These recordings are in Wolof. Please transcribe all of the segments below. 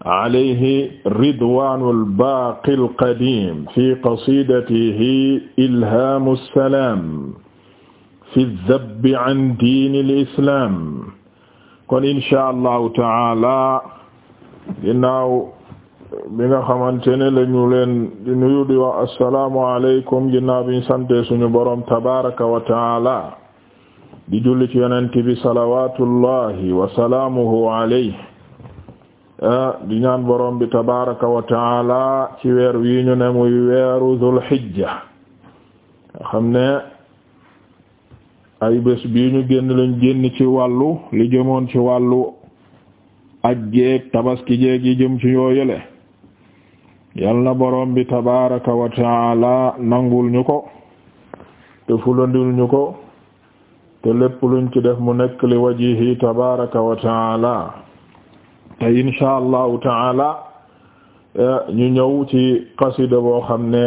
alayhi ridwaanul baaqil qadiim fi qasiidatihi ilhaamu salaam fi zabbi an diinil islaam kon incha allahu taala ginnaaw bi nga xamante ne la ñu leen di nuyu di wax assalaamu aleykum ginnaaw bi ñu sante suñu boroom tabaaraka wa taala di julli ci yonent bi salawaatullahi wa salaamuhu alayhi Eh, di ñaan borom bi tabaraka wa taala ci weer wi ne muy weeru zul hijja xam ne ay bés bii génn lañ génn ci wàllu li jëmoon ci wàllu ak jeeg tabaski jeeg yi jëm ci yoo yële yal na borom bi tabaraka wa taala nangul ñu ko te fulandil ñu ko te lépp luñ ci def mu nekk li wajihi tabaraka wa taala tey insha allahu taala eh, ñu ñëw ci qasida boo xam ne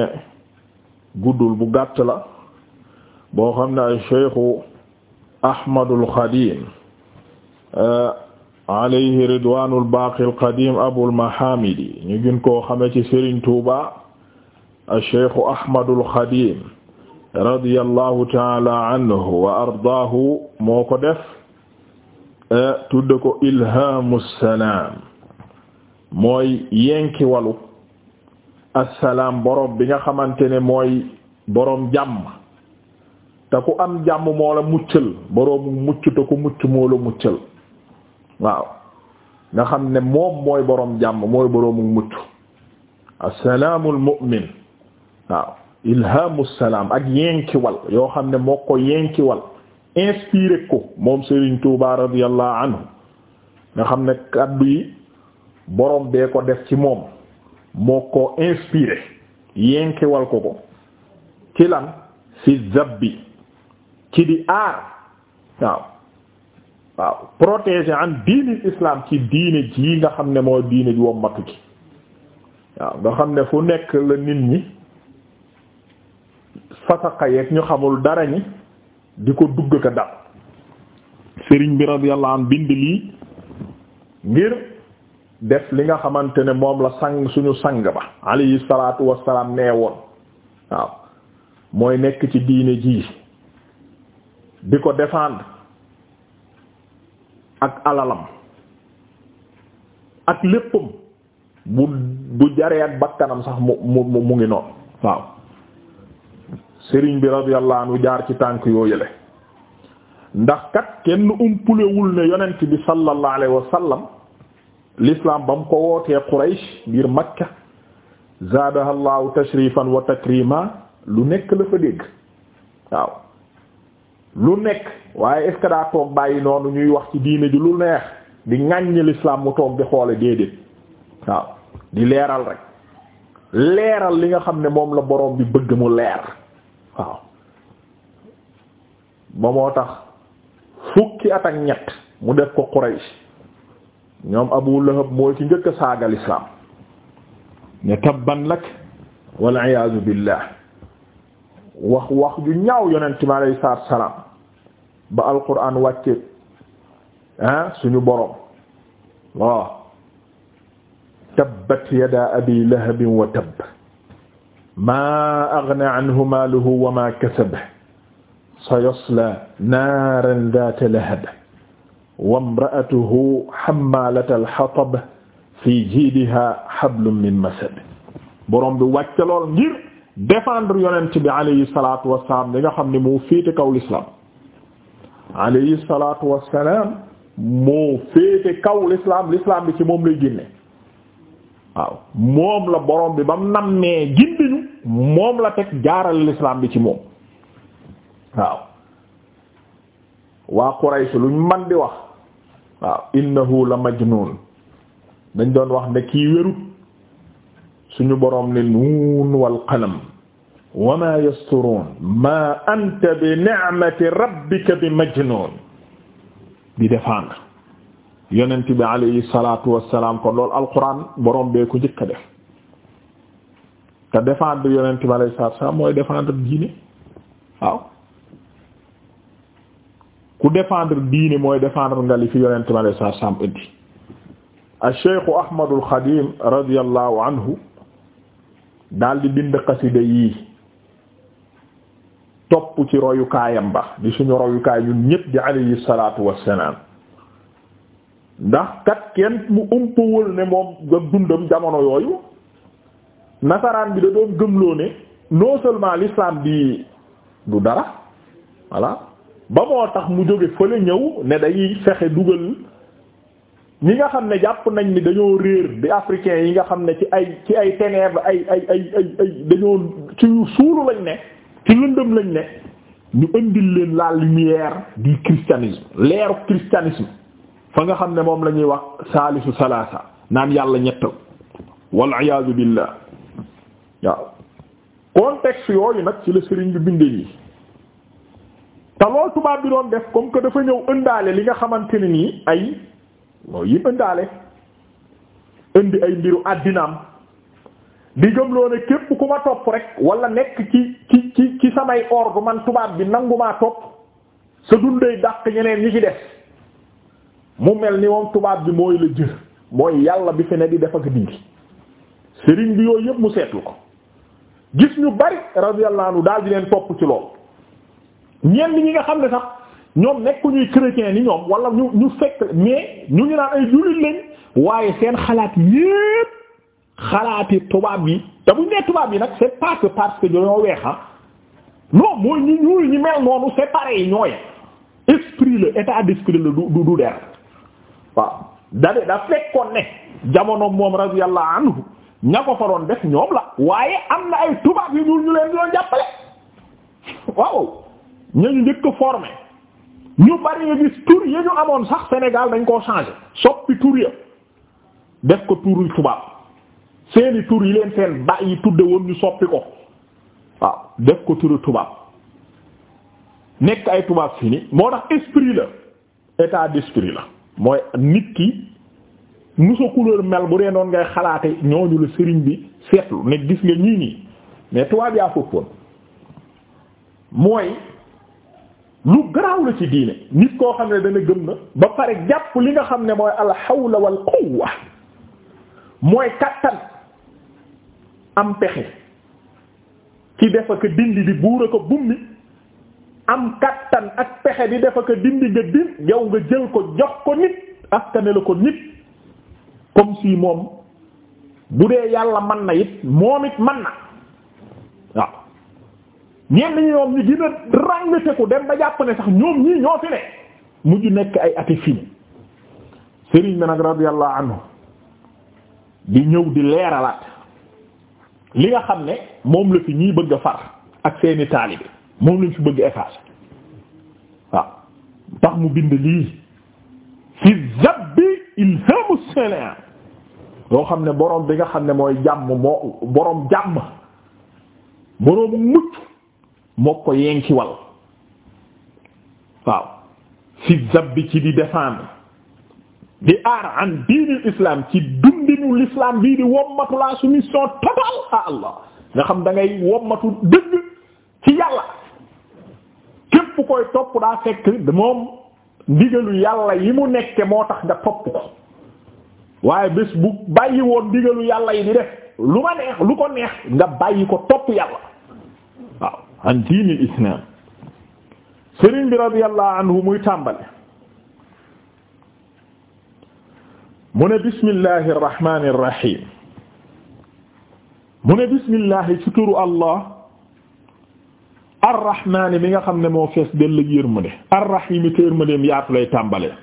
guddul bu gàtt la boo xam ne ay cheikhu ahmadul xadim eh, alayhi ridwanul al qadim abul mahamidi ñu gën koo xame ci Serigne Touba al cheikh ahmadul xadim radiyallahu taala anhu wa ardaahu moo ko def Euh, tudde ko ilhamu salaam mooy yenki walu assalaam borom bi nga xamante ne mooy borom jàmm te ku am jàmm moo la muccal boroomu mucc te mucc moo la waaw nga xam ne moom mooy borom jàmm mooy boroomu mucc assalaamul mu'min waaw ilhamu salaam ak yenki wal yoo xam ne moo ko yenki wal inspiré ko moom Serigne Touba radiyallahu anhu nga xam ne kaddu yi boroom bee ko def ci moom moo ko inspiré yenkewal ko ko ci lan fi zabbi ci di aar waaw waaw protéger an diinil islam ci diine ji nga xam ne moo diine ji mat ci waaw nga xam ne fu nekk la nit ñi fasaka yeeg ñu xamul dara ñi di ko dugg ka dal sëriñ bi radiyallahu anhu bind lii ngir def li nga xamante ne moom la sang suñu sang ba alayhi salaatu wassalaam nee woon waaw mooy nekk ci diine ji di ko défendre ak alalam ak léppam bu bu jaree ak bakkanam sax mu mu mu ngi noonu waaw sëriñ bi radiyallahu anhu jaar ci tànk yooyu la ndax kat kenn umpulewul ne yonent bi sallallahu alayhi wa sallam l'islam ba mu ko wootee Quraysh biir Makka zaadaha tashrifan wa takrima lu nekk la fa dégg waaw lu nekk waaye est-ce daa toog bàyyi noonu ñuy wax ci diine ji lu neex di ŋàññ l'islam mu toog di xoole déedéet waaw di leeral rek leeral li nga xam ne moom la borom bi bëgg mu leer waaw ba moo tax fukki at ak ñett mu def ko Quraysh ñoom Abu Lahab mooy ci njëkk a saaga l'islam ne tabban lak wal iyaazu billah wax wax ju ñaaw yonent mi alayhi salaatu salaam ba alquran wàcce ah suñu borom waaw tabbat yada abi lahabin wa tabb maa aghnaa anhu maaluhu wa maa kasab sayaslaa naaran zaata lahab wa imra'atuhu hammaalatal hatab fii jiidihaa hablum min masad borom bi wàcc lool ngir défendre yonent bi alayhi salaatu wa salaam li nga xam ne moo féete kaw lislaam alayhi salaatu wa salaam moo féete kaw lislaam lislaam bi ci moom lay génne waaw moom la borom bi ba mu nammee gindiñu moom la teg jaaral l'islam bi ci moom waaw waa Quraysh luñ man di wax waaw innahu la majnun dañ doon wax ne kii wérut suñu boroom ne nuun wal qalam wa ma yasturun ma anta bi ni'mati rabbika bi majnun di défendre yonent bi alayhi salatu wassalam kon loolu alquran boroom bee ko njëkk def te défendre yonent bi alayhi salaatu salaam mooy défendre diine waaw ku défendre diine mooy défendre nga li fi yonent bi salaatu salaam indi ash-Shaykh Ahmadul Xadim radiyallahu anhu daal di bind xasida yii topp ci royukaayam ba di suñu royukaay ñun ñépp di alayhi salaatu wassalaam ndax kat kenn mu umpawul ne moom nga dundam jamono yooyu nasaraan bi da doon gëmloo ne non seulement l'islam bi du dara voilà ba moo tax mu jóge fële ñëw ne day fexe dugal ñi nga xam ne jàpp nañ ni dañoo réer di africain yi nga xam ne ci ay ci ay ténèbres ay ay ay ay ay dañoo ci suulu lañ ne ci lëndëm lañ ne ñu indil leen la lumière du christianisme leeru christianisme fa nga xam ne moom la ñuy wax saalisu salaasa naan yàlla ñettal wal iyaadu billah waaw contexte yooyu nag ci la sëriñ bi bindee yi te loolu tubaab bi doon def comme que dafa ñëw ëndaale li nga xamante ne nii ay mooy yi ëndaale indi ay mbiru àddinaam di gëmloo ne képp ku ma topp rek wala nekk ci ci ci samay ordre man tubaab bi nangumaa topp sa dundee dàq ñeneen ñi ci def mu mel ni moom tubaab bi mooy la jër mooy yàlla bi fi ne di def ak dindi sëriñ bi yooyu yëpp mu seetlu ko gis ñu bari radiyallahu anhu daal di leen topp ci loolu ñenn ñi nga xam ne sax ñoom nekkuñuy chrétien ni ñoom wala ñu ñu fekk mais ñu ngi naan ay jullit lañ waaye seen xalaat yépp xalaati tubaab yi te bu ñu tubaab yi nag c'est pas que parce que dañoo weex ah non mooy ñu ñuul mel noonu c'est pareil ñooy esprit le état d'esprit le du du waaw da de fekkoon ne jamono moom radiyallahu anhu ña ko fa doon def ñoom la waaye am na ay tubaab yu dul ñu leen doon jàppale waaw ñañu njëkk formé ñu bari gis tur ya ñu amoon sax Sénégal dañ koo changé soppi tur ya def ko turu tubaab seeni tur yi leen seen ba yi tudde woon ñu soppi ko waaw def ko turu tubaab nekk ay tubaab fini moo tax esprit la état d'esprit la mooy nit ki nu sa couleur mel bu dee noon ngay xalaate ñooñu la sëriñ bi seetlu ne gis nga ñii nii mais tubaab yaa fëppoon mooy lu garaaw la ci diine nit koo xam ne dana gëm na ba pare jàpp li nga xam ne mooy al hawla wal quwwa mooy kattan am pexe ci def ak dindi di buur ak bummi am kattan ak pexe di def ak dindi nga din yow nga jël ko jox ko nit askane la ko nit comme si moom bu dee yàlla man na it moom it man na waaw ñenn ñi ñoom ñu gën a ràññeeku dem ba jàpp ne sax ñoom ñii ñoo fi ne mujj nekk ay ati fini sëriñ bi nag radiyallahu anhu di ñëw di leeralaat li nga xam ne moom la fi ñii bëgg a far ak seeni taalibe moom lañ fi bëgg effacer waaw tax mu bind lii fi zabbi ilhamu salam yoo xam ne boroom bi nga xam ne mooy jàmm moo boroom jàmm boroomu mucc moo ko yenkiwal waaw fi bi ci di défendre di aar an diinil islam ci dundinu l'islam bii di wommatu la soumission totale à nga xam dangay ngay wommatu dëgg ci yàlla képp koy topp daa fekk moom ndigalu yàlla yi mu nekke moo tax nga topp ko waaye bés bu bàyyi woon digalu yàlla yi di def lu ma neex lu ko neex nga bàyyi ko topp yàlla waaw an diinil islam sëriñ bi radiyallahu anhu muy tàmbale mu ne bismillahi irrahmani irrahim mu ne nga xam ne moo fees dell ak yërmande arrahimi te yërmandeem lay tàmbalee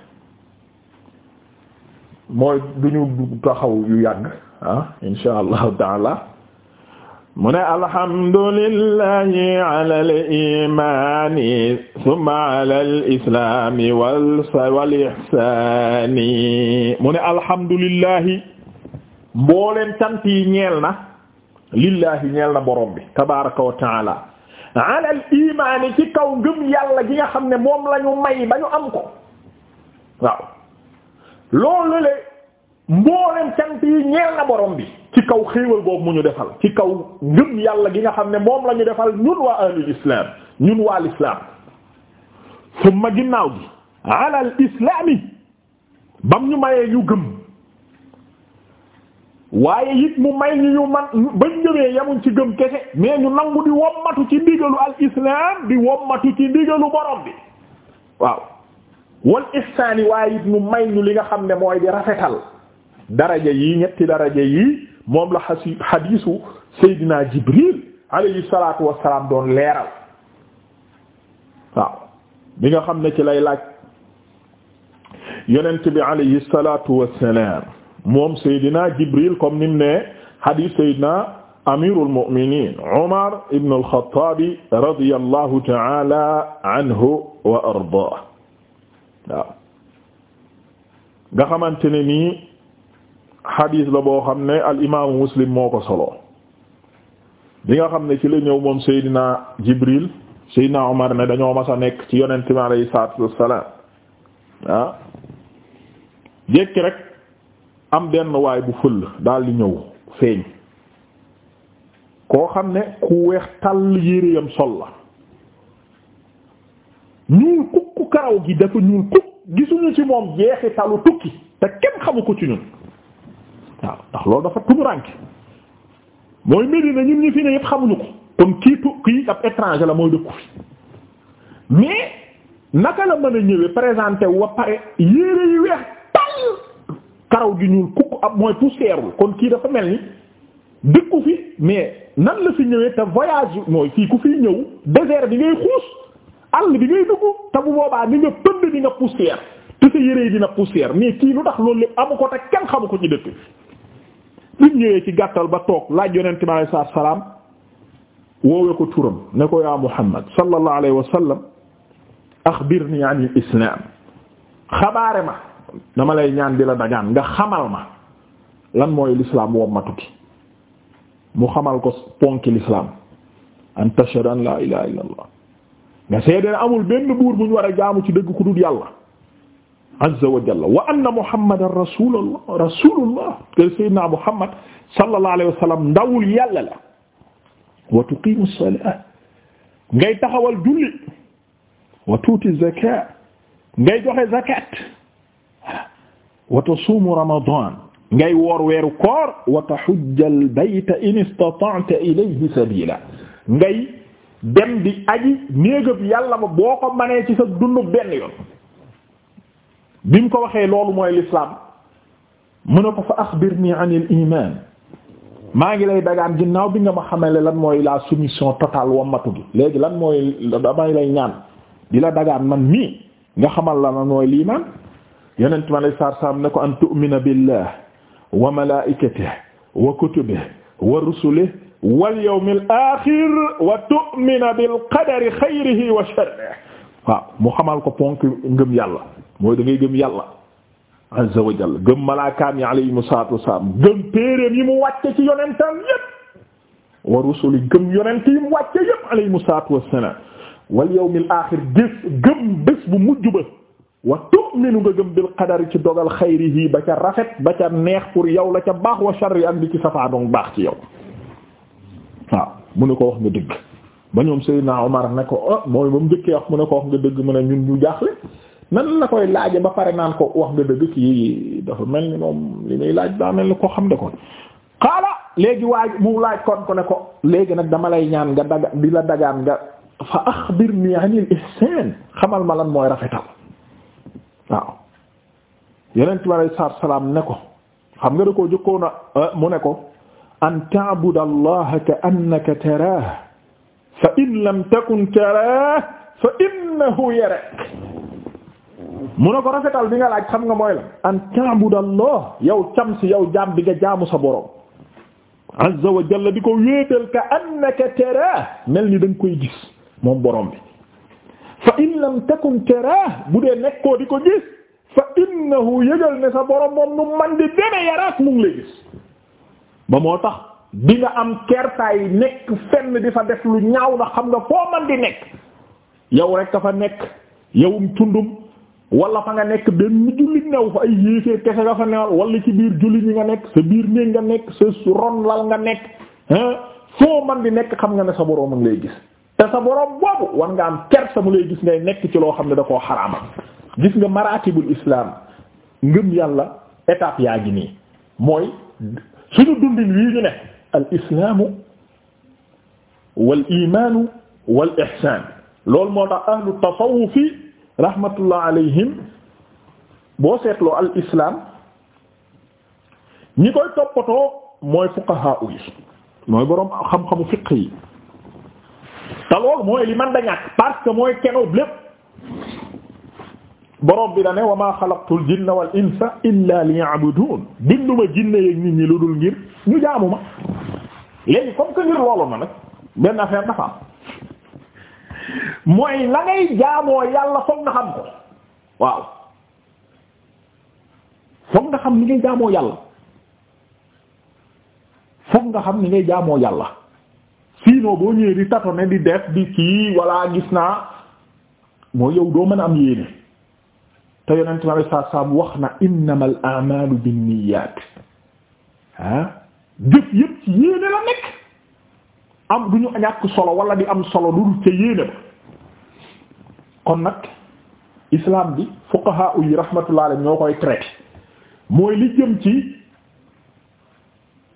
mooy duñu taxaw yu yàgg ah insha allahu taala mu ne alhamdulillahi ala al-imani thumma ala al-islami wal wal ihsani mu ne alhamdulillahi mbooleen cant yi ñeel na lillahi ñeel na borom bi tabaraka wa taala ala al-imani ci kaw gëm yàlla gi nga xam ne moom la ñu may ba ñu am ko waaw loolu le mboolem cant yi ñeel na borom bi ci kaw xéewal boobu mu ñu defal ci kaw ngëm yàlla gi nga xam ne moom la defal ñun waa ahlul islam ñun waa l'islam summa ginnaaw gi alal islaami bam ñu mayee ñu gëm waaye it mu may ñu ñu man bañ gëmee yamuñ ci gëm kese mais ñu nangu di wommatu ci ndigalu al islam di wommatu ci ndigalu borom bi waaw wal ihsaani waaye it mu may ñu li nga xam ne mooy di rafetal daraja yi ñetti daraja yi moom la xasi xadiisu Seydina Jibril alayhi salaatu wassalaam doon leeral waaw bi nga xam ne ci lay laaj yonent bi alayhi salaatu wassalaam moom Seydina Jibril comme nim ne xadiis Seydina amirul mu'minin Umar ibn al-Khattab radiyallahu ta'ala anhu wa ardaahu waaw nga xamante ne nii xadiis la boo xam ne al imaamu muslim moo ko solo bi nga xam ne ci la ñëw moom Seydina Jibril Seydina Omar ne dañoo mas a nekk ci yonent bi alayhi salaatu wassalaam ah jékki rek am benn waay bu fël daal di ñëw feeñ koo xam ne ku weex tàll yére yam sol la ñuul karaw gi dafa ñuul kukk gisuñu ci moom jeexitalu tukki te kenn xamu ko ci ñun waaw ndax loolu dafa tumuranke mooy Medina ñun ñi fi ne yëpp xamuñu ko kon kii tu kii ab étranger la mooy dëkku fi mais naka la mën a ñëwee présenté wa pare yére yi weex karaw gi ñuul kukk ab kon kii dafa mel ni dëkku fi mais nan la fi ñëwee te voyage mooy fii ku fiy ñëw désert bi ngay xuus àll bi ngay dugg te bu boobaa ni nga pënd di nga poussière te sa yére yi dina poussière mais kii lu tax loolu lépp amu ko te kenn xamu ko ci dëkk bi mu ñëwee ci gàttal ba toog laaj yonent bi alayhi salaam woowe ko turam ne ko yaa Muhammad sallallahu alayhi wa sallam axbirni an al xabaare ma dama lay ñaan di la dagaan nga xamal ma lan mooy l'islam woom ma mu xamal ko ponki l'islam an tashhadu an la ilaha nga seede ne amul benn buur bu ñu war a jaamu ci dëgg ku dul yàlla azza wa jalla wa anna muhammadan rasulullah rasulullah te sayyidina muhammad sallallahu alayhi wa sallam ndawul yàlla la wa tuqimu salat ngay taxawal julli wa tuuti zakat ngay joxe zakat wa tasuumu ramadan ngay woor weeru koor wa tahujja al bayta in istata'ta ilayhi sabila ngay dem bi aji néegab yàlla ba boo ko manee ci sa dund benn yoon bi mu ko waxee loolu mooy lislaam mu ne ko fa axbirni anil iman maa ngi lay dagaan ginnaaw bi nga ma xamale lan mooy la soumission totale wamatu gi léegi lan mooy damay lay ñaan di la dagaan man mii nga xamal la lan mooy liimaan yonent ma lay saar saam ne ko an tu'mina billah wa malaikatihi wa kutubihi wa rusulihi wal yawmil aaxir wa tu'mina bil qadari xayrihi wa sharrihi mu xamal ko ponk ngëm yàlla mooy da ngay gëm yàlla azza wa jalla gëm malaakaam yi alayhimu salaatu wassalaam gëm téereem yi mu wàcce ci yonentam yépp wa rusuli gëm yonent yi mu wàcce yépp alayhimu salaatu wassalaam wal yawmil aaxir gis gëm bés bu mujj ba wa tu'minu nga gëm bil qadari ci dogal xayrihi ba ca rafet ba ca neex pour yow la ca baax wa sharri ak di ci safaanoog baax ci yow. waaw mu ne ko wax nga dëgg ba ñoom Seydina Omar ne ko ah mooy ba mu njëkkee wax mu ne ko wax nga dëgg mu ne ñun ñu jaaxle nan la koy laaje ba pare naan ko wax nga dëgg kii dafa mel ni moom li muy laaj daa mel ni koo xam de kon léegi waaj laaj kon ko ne ko léegi nag dama lay ñaan nga daga di la dagaan nga fa axbirni anil ihsan xamal ma lan mooy rafetal waaw yeneen bi alei salaam ne ko xam nga da koo jëkkoona mu ne ko an ta'buda allaha ka annaka taraahu fa in lam takun taraahu fa innahu yaraak mu ne ko rafetal bi nga laaj xam nga mooy la an ta'buda allah yow camsi yow jaam bi nga jaamu sa borom azza wa jalla di ko wéetal ka annaka taraahu mel ni da nga koy gis fa in lam takun taraahu bu dee nekkoo di ko gis fa innahu yëgal ne sa borom moom nu man di deme yaraak mu lay gis ba moo tax di nga am kertaay nekk fenn di fa def lu ñaaw na xam nga foo man di nekk yow rek fa nekk yowum tundum wala fa nga nekk benn jullit new fa ay yéeféer kese nga fa newal wala ci biir jullit ñi nga nekk sa biir néeg nga nekk sa ron lal nga nekk hein foo man di nekk xam nga ne sa boroom a lay gis te sa boroom boobu war nga am sa mu lay gis ngay nekk ci loo xam ne da koo xaraamal gis nga maratibul islam ngëm yàlla étape yaa ngi nii mooy suñu dundin wii ne al islaamu wal imaanu loolu moo tax ahlu tasawufi rahmatullah alayhim boo seetloo al islam ñi koy toppatoo mooy fuqahaa yi mooy boroom xam-xamu fiqh yi mooy li man da ñàkk parce que mooy keno lépp borom bi da ne wa maa xalaqtul jinna wal insa illa liya'budun binduma jinne yeeg nit ñi lu dul ngir ñu jaamu léegi comme que ngir loolu na nag benn affaire dafa am mooy la ngay jaamoo yàlla foog nga xam ko waaw foog nga xam ni ngay jaamoo yàlla foog nga boo ñëwee tato ne di def di kii walla gis naa mooy yow doo mën a am yéene. te yonent mi alayhi wax na innamal a'maalu binniyaat ah jëf yëpp ci yéene am du ñu ñàkk solo wala di am solo lu dul ca yéene ba kon nag islam bi fuqaha yi rahmatullah ñoo koy traité mooy li jëm ci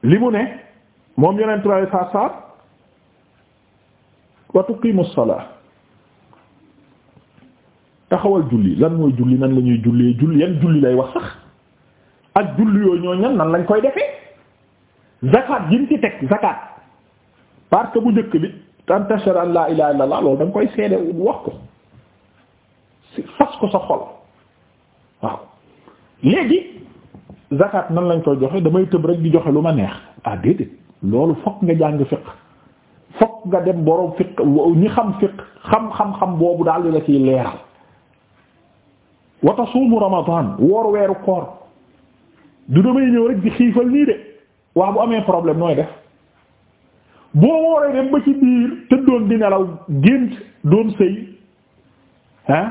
li mu ne moom yonent mi alayhi salaatu salaam wa tuqiimu taxawal julli lan mooy julli nan la ñuy jullee julli yan julli lay wax sax ak julli yooyu ñoo ñan nan lañ koy defee zakat jim ci teg zakat parce bu njëkk bi an tashhadu an la ilaha illallah loolu da nga wax ko fas ko sa nan lañ koy joxe damay tëb rek di joxe lu ma neex ah loolu fokk nga jàng fiqh fokk nga dem borom fiqh ñi xam fiqh xam xam xam boobu daal di la ciy leeral wa tasuumu ramadan woor weeru koor du damay ñëw rek di xiifal nii de waa bu amee problème nooy def boo wooree dem ba ci biir tëddoon di nelaw gént doon sëy ah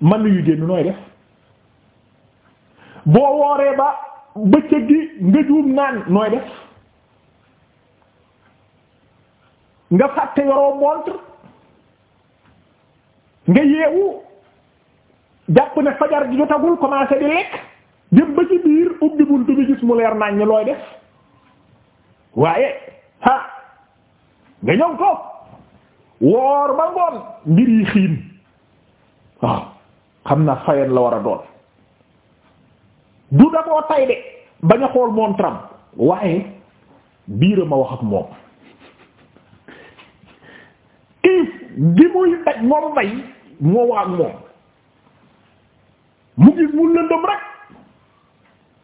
man yu génn nooy def boo wooree ba bëccëg gi nga juum naan nooy def nga fàtte yoroo montre nga yeewu jàpp ne fajar gi jotagul commencé di lekk jëm ba ci biir ubbi buntu bi gis mu leer naññ looy def waaye ha nga ñëw toog woor ba ngoon mbir yi xiin waaw xam na fayeen la war a doon du dafoo tay de bañ a xool montram waaye biiram a wax ak moom kiif gi muy daj moom bay moo wax ak moom mu gis mu lëndëm rek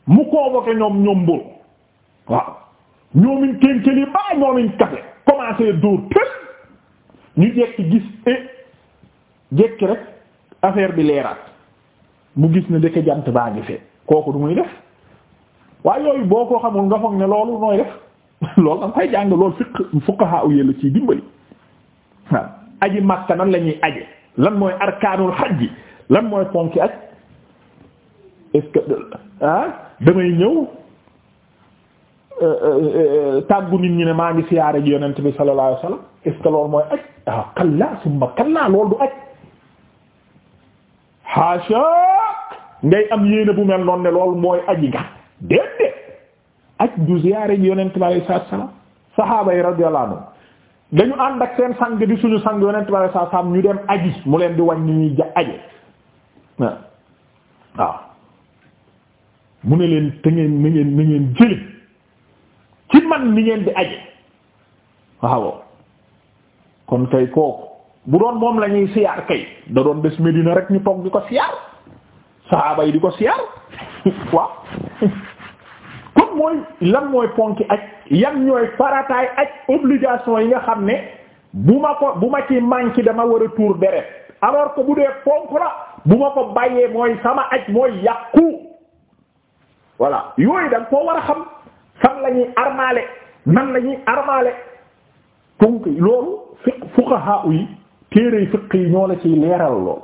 mu convoqué ñoom ñoom mbóol waaw ñoomin kénkeli baa ñoomin kafe commencé dóor tël ñu jekki gis e jekki rek affaire bi leeraat mu gis ne ndeke jant baa ngi fee kooku du muy def waaye yooyu boo ko xamul nga foog ne loolu nooy def loolu danga koy jàng loolu fiq fuqaha u yëlla ciy dimbali aji makka nan la aje lan mooy arkaanul hajj lan mooy ponki ak est-ce que ah, damay ñëw euh, euh, euh, tàggu nit ñi ne maa ngi siyaare ji yonent bi sallallahu alayhi wasallam est mooy aj ah kalla summa kalla loolu du aj haashaak ngay am yéene bu mel noonu ne loolu mooy aji nga déedéet aj du siyaare ji yonent bi sallallahu alayhi saxaaba yi radiyallahu dañu ànd ak seen sang di suñu sang yonent bi sallallahu alayhi ñu dem aji mu leen di wañ ni ñuy aje ah, waaw mu ne leen te ngeen na ngeen na ngeen jëli ci man ni ngeen di aje waaw kon kay kooku bu doon moom la ñuy siyaar kay da doon des Medina rek ñu toog di ko siyaar saxaaba yi di ko siyaar waaw kon mooy lan mooy ponki aj yan ñooy farataay aj obligation yi nga xam ne bu ma ko bu ma ci manqué dama war a tuur deret alors que bu dee ponk la bu ma ko bàyyee mooy sama aj mooy yàqu voilà yooyu da nga koo war a xam fan la ñuy armaale nan la ñuy armaale donc loolu fiq fuqaha yi téere fiq yi ñoo la ciy leeral lool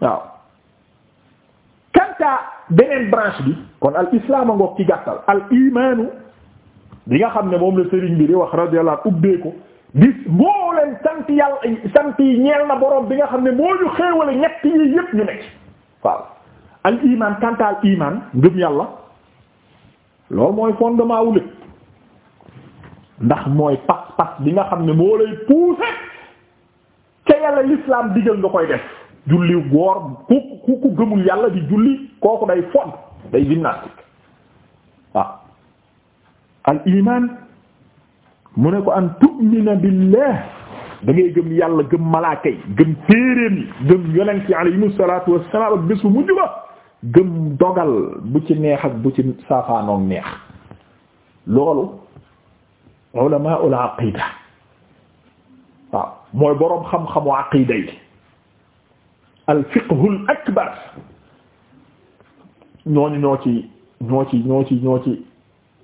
waaw kanta beneen branche bi kon al ngoog ci gàttal al bi nga xam ne moom la sëriñ bi di wax radiyallahu ubbee ko bis boo leen sant yàlla sant ñeel na borom bi nga xam ne moo ñu xéewale ñett yi yépp ñu nekk waaw al iman kantaal iman ngëm yàlla loolu mooy fondement wu lépp ndax mooy pas-pas bi nga xam ne moo lay pousser ca yàlla l'islam digal nga koy def julli woor ku ku ku gëmul yàlla di julli kooku day fond day gymnastique waaw al iman mu ne ko an tu'mina billah da ngay gëm yàlla gëm malaaka yi gëm téeréem yi gëm yonent yi alayhimu salaatu wassalaam ak bés bu ba gëm dogal bu ci neex ak bu ci saafaanoog neex loolu ulamaul aqida waaw mooy boroom xam-xamu aqida yi al fiqhul akbar ñooñu ñoo ci ñoo ci ñoo ci ñoo ci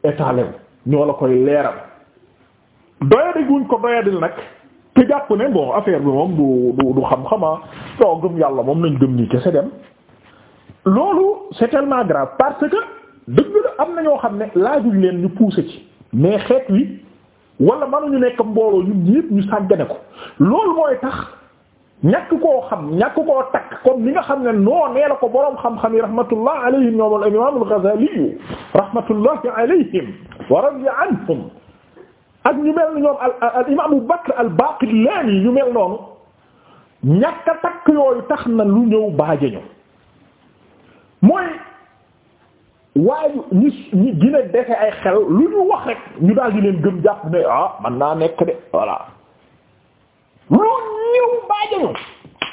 étalé ñoo la koy leeral doyadi guñ ko doyadil nag te jàpp ne bon affaire bi moom du du xam-xama soo gëm yàlla moom lañ gëm nii kese dem loolu c'est tellement grave parce que dëgg la am na ñoo xam ne laajuñ leen ñu pousser ci mais xeet wi wala mënuñu nekk mbooloo ñun ñépp ñu sàggane ko loolu mooy tax ñàkk koo xam ñàkk koo takk comme li nga xam ne noo nee la ko boroom xam-xam yi rahmatullah alayhim ñoom al imam al-Ghazali rahmatullah alayhim wa ak ñu mel ni al imam Abu Bakr al-Baqillani ñu mel noonu ñàkk takk yooyu tax na lu ñëw baaje mooy waaye ñu ñu gën defe ay xel lu ñu wax rek ñu daal di leen gëm jàpp ne ah man naa nekk de voilà loolu ñëw baajañu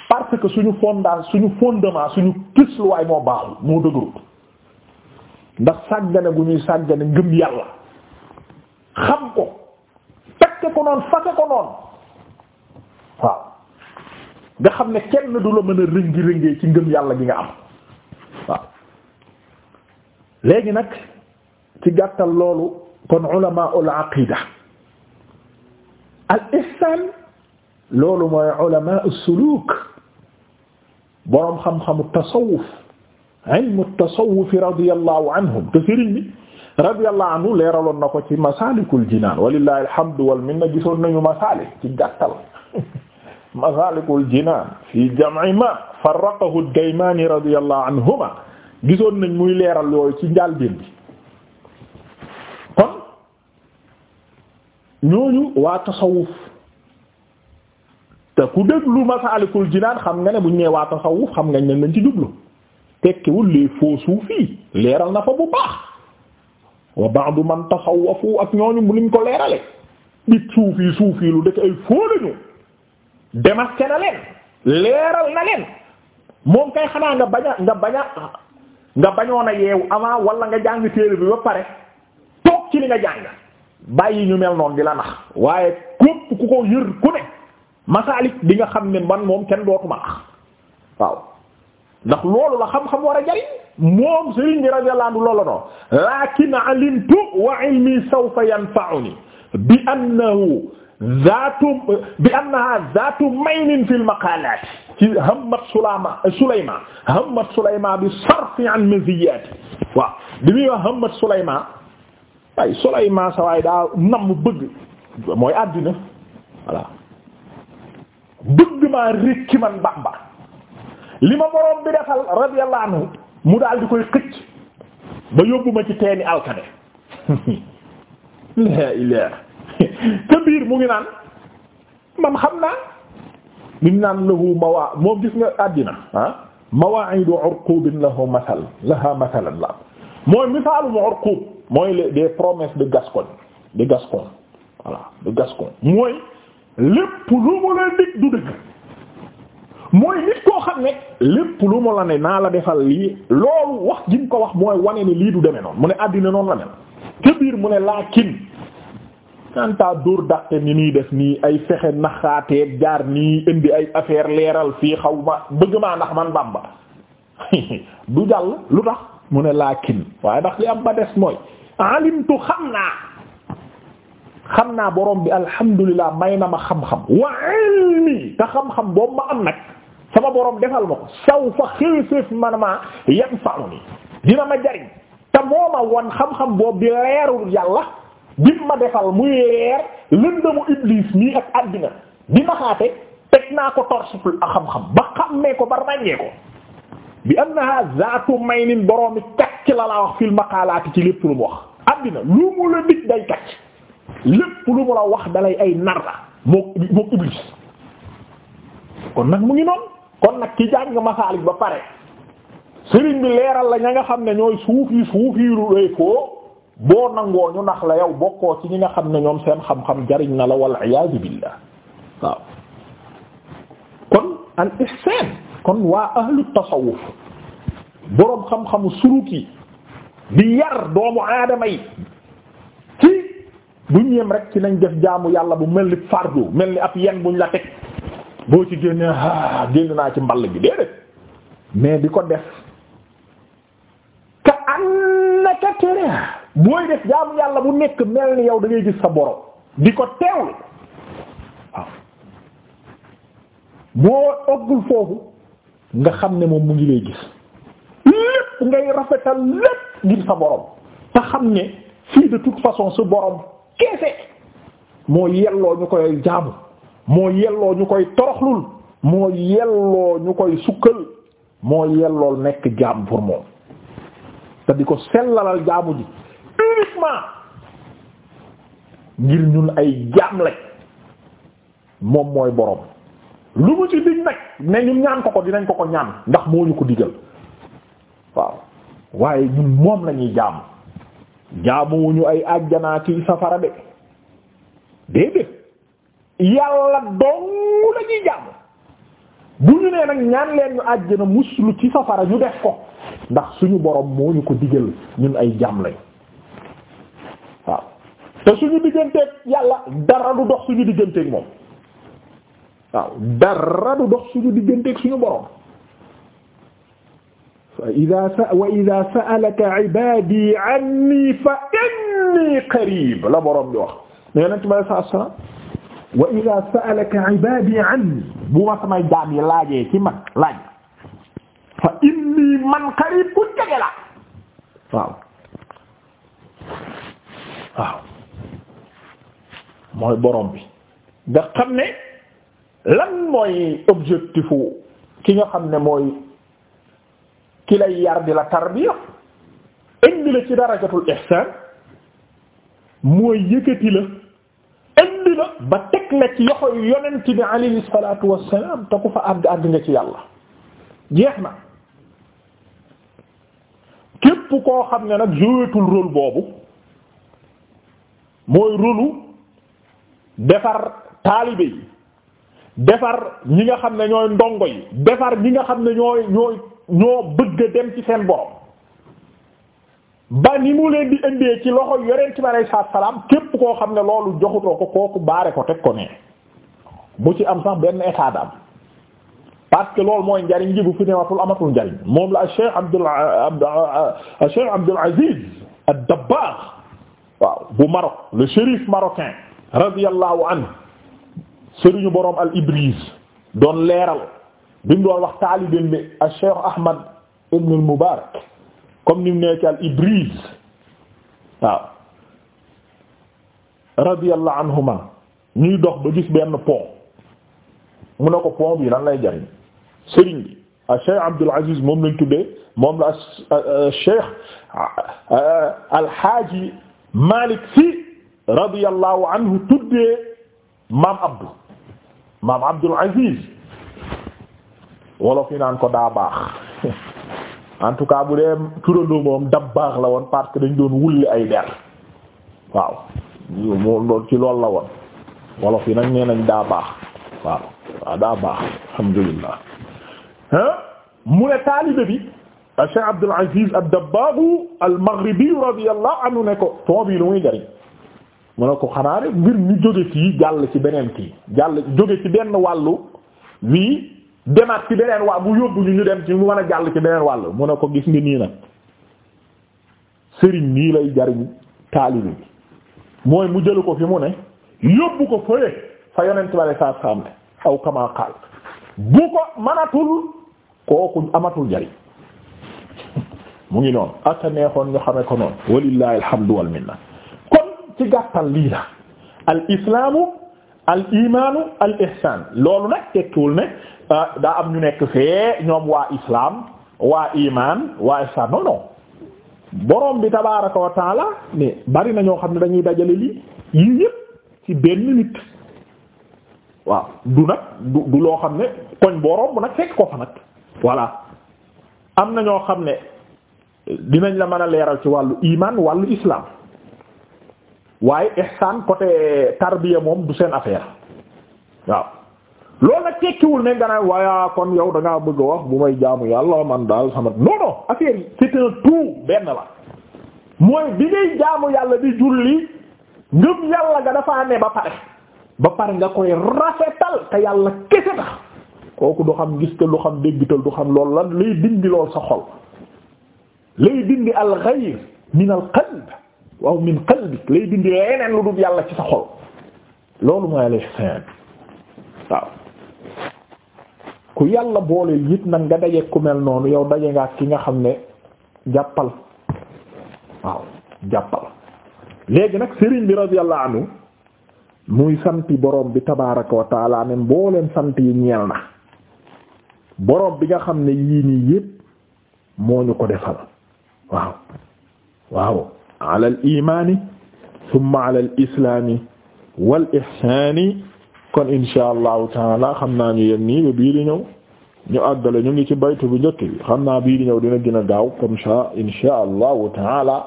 parce que suñu fondement suñu fondement suñu kisluwaay moo baaxul moo dëgërut ndax sàggane gu ñuy sàggane ngëm yàlla xam ko takk ko noonu fase ko noonu waaw nga xam ne kenn du la mën a rëngi rëngee ci ngëm yàlla gi nga am léegi nag ci gàttal loolu kon ulama ul aqida al ihsan loolu mooy ulama al suluk boroom xam-xamu tasawuf ilmu tasawuf radiyallahu anhum te sëriñ bi radiyallahu anhu leeraloon na ko ci masalikul jinaan walillahi alhamdu wal minna gisoon nañu masalik ci gàttal masalikul jinaan fi jam'i ma farraqahu ad-daymani radiyallahu anhuma gisoon nañ muy leeral yooyu ci njàlbéen bi kon ñooñu waa tasawuf te ku déglu masaalikul jinaan xam nga ne bu ñu nee waa tasawuf xam nga ne lañ ci jublu tekkiwul les faux soufis leeral na fa bu baax wa ba'du man tasawwafu ak ñooñu mu luñ ko leerale bit suufi suufi lu dëkk ay faux lañu na leen leeral na leen moom kay xanaa nga baña nga baña nga bañoon a yeewu avant wala nga jàng téere bi ba pare toog ci li nga jàng bàyyi ñu mel noonu di la nax waaye képp ku ko yër ku ne masaalik di nga xam ne man moom kenn dootuma nax waaw ndax loolu la xam-xam war a jariñ moom Serigne bi radiyallahu loolu la noonu lakin alimtu wa ilmi sawfa yanfa'uni bi annahu zaatu bi annaha zaatu maynin fil maqaalaat ci hammat sulaama Sulayma hammat Sulayma bi sarfi an maziyaati waaw bi muy wax hammat Sulayma ay Sulayma sa waay daa nam bëgg mooy àddina voilà bëgg maa rëkki man Bamba li ma borom bi defal radiyallahu anhu mu daal di koy xëcc ba yóbbu ma ci teeni alkane la ilaha te biir mu ngi naan man xam naa li naan lahu mawaa moom gis nga àddina ah mawaa'idu urqubin lahu masal laha masalan la mooy misaalum urqub mooy des promesses de Gascogne de Gascon voilà de Gascon mooy lépp lu mu la dig du dëgg mooy nit koo xam ne lépp lu mu la ne naa la defal lii loolu wax gi mu ko wax mooy wane ni lii du demee noonu mu ne àddina noonu la mel te mu ne laakin kanta dóor dàqe ni muy def nii ay fexe naxaateeg jaar nii indi ay affaire leeral fii xaw ma bëgg maa ndax man bamba du jàll lu tax mu ne laakin waaye ndax li am ba des mooy alimtu xam naa xam naa borom bi alhamdulilah may na ma xam-xam wa ilmi te xam-xam boobu ma am nag sama borom defal ma ko saw fa xéeséef man ma yan faaw dina ma jariñ te moo ma wan xam-xam boobu di leerul yàlla bi ma defal muy leer lëndëmu iblis nii ak àddina di ma teg naa ko torche ak xam-xam ba xàmmee ko ba ràññee ko bi am na zaatu may nin boroomi kacc la laa wax fil maqaalaati ci lépp lu mu wax àddina lu mu la dig day kacc lépp lu mu la wax dalay ay nar la moo moo kon nag mu ngi noonu kon nag ki jàng masaalik ba pare sëriñ bi leeral la ña nga xam ne ñooy suufi suufi lu day foo boo nangoo ñu nax la yow bokkoo ci ñi nga xam ne ñoom seen xam-xam jariñ na la wal iyaadu billah waaw kon al ihsaan kon waa ahlu tasawuf boroom xam-xamu suruki di yar doomu aadama yi ci duñ yem rek ci nañ def jaamu yàlla bu mel ni fardu mel ni ab yen buñ la teg boo ci génnee ah génn naa ci mball gi déedéet mais di ko def ka annaka tara booy def jaamu yàlla bu nekk mel ni yow dangay ngay gis sa borom di ko teewlu boo oggul foofu nga xam ne moom mu ngi lay gis lépp ngay rafetal lépp ngir sa borom te xam ne fii de toute façon sa borom keese moo yelloo ñu koy jaamu moo yelloo ñu koy toroxlul moo yelloo ñu koy sukkal moo yellool nekk jaam pour moom te di ko sellalal jaamu ji uniquement ngir ñun ay jaam lañ moom mooy boroom lu mu ci dig nag ne ñu ñaan ko ko dinañ ko ko ñaan ndax moo ñu ko digal waaw waaye ñun moom lañuy jaam jaamuwuñu ay àjjanaa ci safara de déedéet yàlla dong lañuy jaam bu ñu nee nag ñaan leen ñu àjjana muslu ci safara ñu def ko ndax suñu boroom moo ñu ko digal ñun ay jaam lañ te suñu digganteeg yàlla dara du dox suñu digganteeg moom waaw dara du dox suñu digganteeg suñu borom fa ida sa wa ida sa'alaka ibadi anni fa inni qarib la borom bi wax ne yonent bi alei saatu salam wa ida sa'alaka ibadi anni bu ma samay jaam yi laajee ci man laaj fa inni man qarib ku jege la waaw waaw mooy borom bi nga xam ne lan mooy objectifu ki nga xam ne mooy ki lay yar la tarbiya indi la ci darajatul ihsan mooy yëkkati la indi la ba teg la ci yoxoy yonent bi alayhi salatu wassalam te ku fa àgg àgg nga ci yàlla jeex na képp koo xam ne nag jouetul rol boobu mooy rôlu defar taalibe yi defar ñi nga xam ne ñooy ndongo yi defar ñi nga xam ne ñooy ñooy ñoo bëgg dem ci seen borom ba ni mu leen di indee ci loxo yonent bi alayhi salaatu salaam képp koo xam ne loolu joxutoo ko kooku baare ko teg ko ne mu ci am sax benn état d'âme parce que loolu mooy njariñ ji bu fi newatul amatul njariñ moom la Cheikh Abdul Cheikh Abdul Aziz ad-Dabbagh waaw bu Maroc le shérif marocain radiyallahu anhu boroom al Ibriz doon leeral bi mu doon wax taalibin bi al Cheikh Ahmad ibn al Mubarak comme ni mu nekk al Ibriz waaw radiyallahu anhuma ñuy dox ba gis benn pont mu ne ko bi lan lay jariñ sëriñ bi al Cheikh Abdul Aziz moom lañ tuddee moom la al Cheikh al Haaji Malik Sy radiyallahu anhu tuddee maam Abdou maam Abdul wolof yi naan ko daa baax en tout cas bu dee turandoo moom dab baax la woon parce que dañ doon wulli ay der waaw moom loolu ci loolu la woon wolof yi nag nee nañ daa baax waaw waaw daa baax alhamdulillah mu ne taalibe bi Cheikh Abdul Aziz ad-Dabbaagh al-Maghribi radiyallahu anhu ne ko ton bi lu mu ne ko xanaa rek mbir ñu jóge fii jàll ci beneen kii jàll jóge ci benn wàllu wii demaat ci beneen wàll bu yóbbu ñu ñu dem ci mu mën a jàll ci beneen wàll mu ne ko gis nga nii nag sëriñ nii lay jariñ taalibe bi mooy mu jëlu ko fi mu ne yóbbu ko fële fa yonent bale saa saam ne aw kamaa bu ko manatul kooku amatul jariñ mu ngi noonu aka neexoon ñu xame ko noonu walillahi alhamdu minna ci gàttal lii la al islaamu al imaanu al ihsaan loolu nag tekkiwul ne ah, daa am ñu nekk fee ñoom waa islaam waa imaan waa ihsaan non borom bi tabaaraka wa taala bari na ñoo xam ne dañuy dajale lii yii yépp ci benn nit waaw du nag du loo xam ne koñ borom bu nag fekk ko fa nag voilà am na ñoo xam ne dinañ la mën a leeral ci wàllu imaan wàllu islam. waaye ihsaan côté tarbiya moom du seen affaire waaw loolu nag tekkiwul ne nga ne waaye kon yow da ngaa bëgg a wax bu may jaamu yàlla man daal sama non non affaire tout benn la mooy bi ngay jaamu yàlla di julli ngëm yàlla nga dafa ne ba pare ba pare nga koy rafetal te yàlla kese tax kooku du xam gis te du xam déggital du xam loolu lan lay dindi lool sa xol lay dindi al min al waaw min qalbik lay dindi leneen lu dul yàlla ci sa xol loolu mooy al ihsaan waaw ku yàlla booleel yit nag nga daje ku mel noonu yow daje nga ak ki nga xam ne jàppal waaw jàppal léegi nag sëriñ bi radiyallahu anhu muy santi borom bi tabaaraka wa ne mbooleem sant yi ñeel na borom bi nga xam ne yii nii yépp moo ñu ko defal waaw waaw ala al imaani thumma ala al islaami wal ihsaani kon insha allahu taala xam naa ñu yem nii ba bii di ñëw ñu àggale ñu ngi ci baytu bu njëkk bi xam naa bii di ñëw dina gën a gaaw comme ça insha allahu taala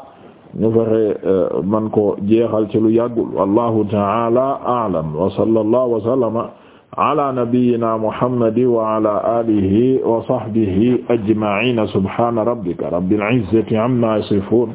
ñu fexe euh, man ko jeexal ci lu yàggul wallahu taala a'lam wa sallallahu wa sallama ala nabiyyina muhammad wa ala alihi wa sahbihi ajma'in subhana rabbika rabbil izzati amma yasifun